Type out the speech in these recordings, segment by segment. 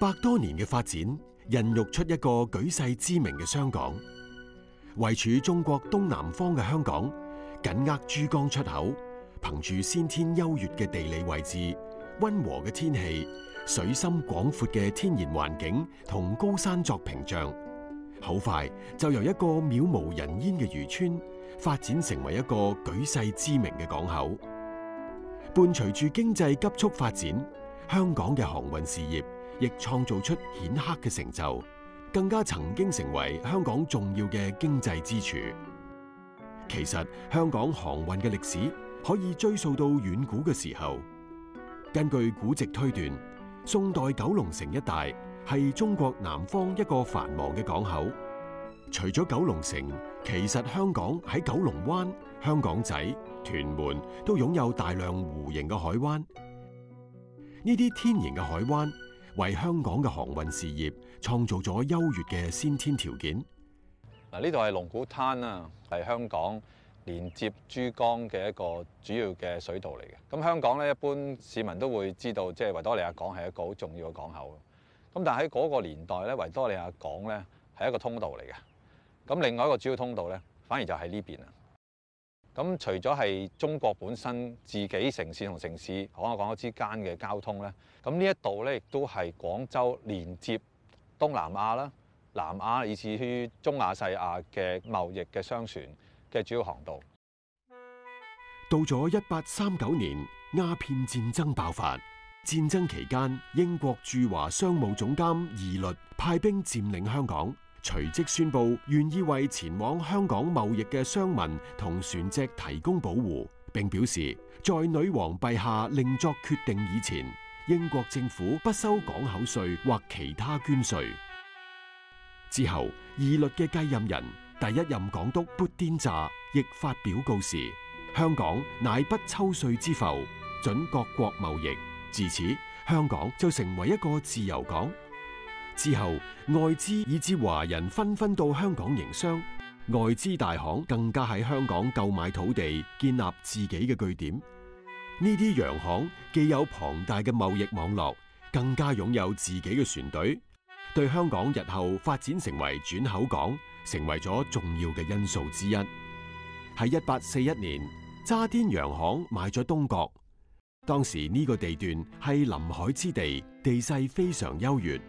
百多年嘅發展。孕育出一個舉世知名嘅香港，位處中國東南方嘅香港，緊握珠江出口，憑住先天優越嘅地理位置、温和嘅天氣、水深廣闊嘅天然環境同高山作屏障，好快就由一個渺無人煙嘅漁村發展成為一個舉世知名嘅港口。伴隨住經濟急速發展，香港嘅航運事業。亦創造出顯赫嘅成就，更加曾經成為香港重要嘅經濟支柱。其實香港航運嘅歷史可以追溯到遠古嘅時候。根據古籍推斷，宋代九龍城一帶係中國南方一個繁忙嘅港口。除咗九龍城，其實香港喺九龍灣、香港仔、屯門都擁有大量弧形嘅海灣。呢啲天然嘅海灣，為香港嘅航運事業創造咗優越嘅先天條件。嗱，呢度係龍鼓灘啦，係香港連接珠江嘅一個主要嘅水道嚟嘅。咁香港咧，一般市民都會知道，即係維多利亞港係一個好重要嘅港口。咁但係喺嗰個年代咧，維多利亞港咧係一個通道嚟嘅。咁另外一個主要通道咧，反而就喺呢邊啦。咁除咗係中國本身自己城市同城市講啊講之間嘅交通咧，咁呢一度咧亦都係廣州連接東南亞啦、南亞，以至於中亞細亞嘅貿易嘅商船嘅主要航道。到咗一八三九年，鴉片戰爭爆發，戰爭期間，英國駐華商務總監義律派兵佔領香港。隨即宣布願意為前往香港貿易嘅商民同船隻提供保護，並表示在女王陛下另作決定以前，英國政府不收港口稅或其他捐稅。之後，義律嘅繼任人、第一任港督砵甸乍亦發表告示：香港乃不抽稅之埠，准各國貿易。自此，香港就成為一個自由港。之後，外資以至華人紛紛到香港營商，外資大行更加喺香港購買土地，建立自己嘅據點。呢啲洋行既有龐大嘅貿易網絡，更加擁有自己嘅船隊，對香港日後發展成為轉口港，成為咗重要嘅因素之一。喺一八四一年，渣甸洋行買咗東角，當時呢個地段係臨海之地，地勢非常優越。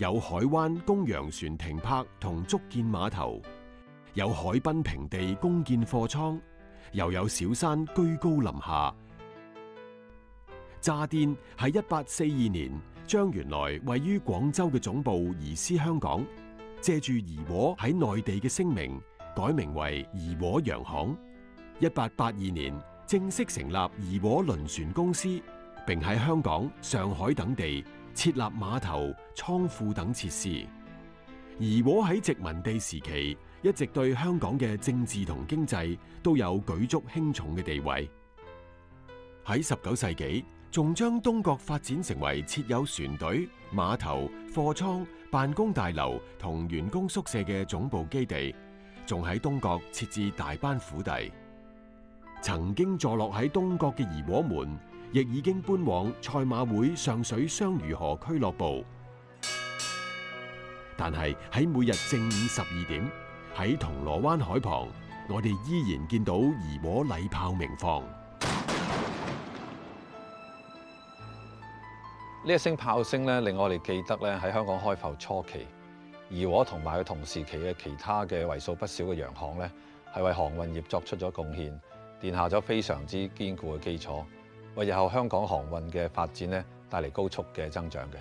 有海灣供洋船停泊同築建碼頭，有海濱平地供建貨倉，又有小山居高臨下。乍甸喺一八四二年將原來位於廣州嘅總部移師香港，借住怡和喺內地嘅聲名改名為怡和洋行。一八八二年正式成立怡和輪船公司，并喺香港、上海等地。設立碼頭、倉庫等設施，怡和喺殖民地時期一直對香港嘅政治同經濟都有舉足輕重嘅地位。喺十九世紀，仲將東角發展成為設有船隊、碼頭、貨倉、辦公大樓同員工宿舍嘅總部基地，仲喺東角設置大班府邸。曾經坐落喺東角嘅怡和門。亦已經搬往賽馬會上水雙魚河俱樂部，但係喺每日正午十二點喺銅鑼灣海旁，我哋依然見到怡和禮炮鳴放呢一聲炮聲咧，令我哋記得咧喺香港開埠初期，怡和，和同埋佢同時期嘅其他嘅為數不少嘅洋行咧，係為航運業作出咗貢獻，奠下咗非常之堅固嘅基礎。為日後香港航運嘅發展呢，帶嚟高速嘅增長嘅。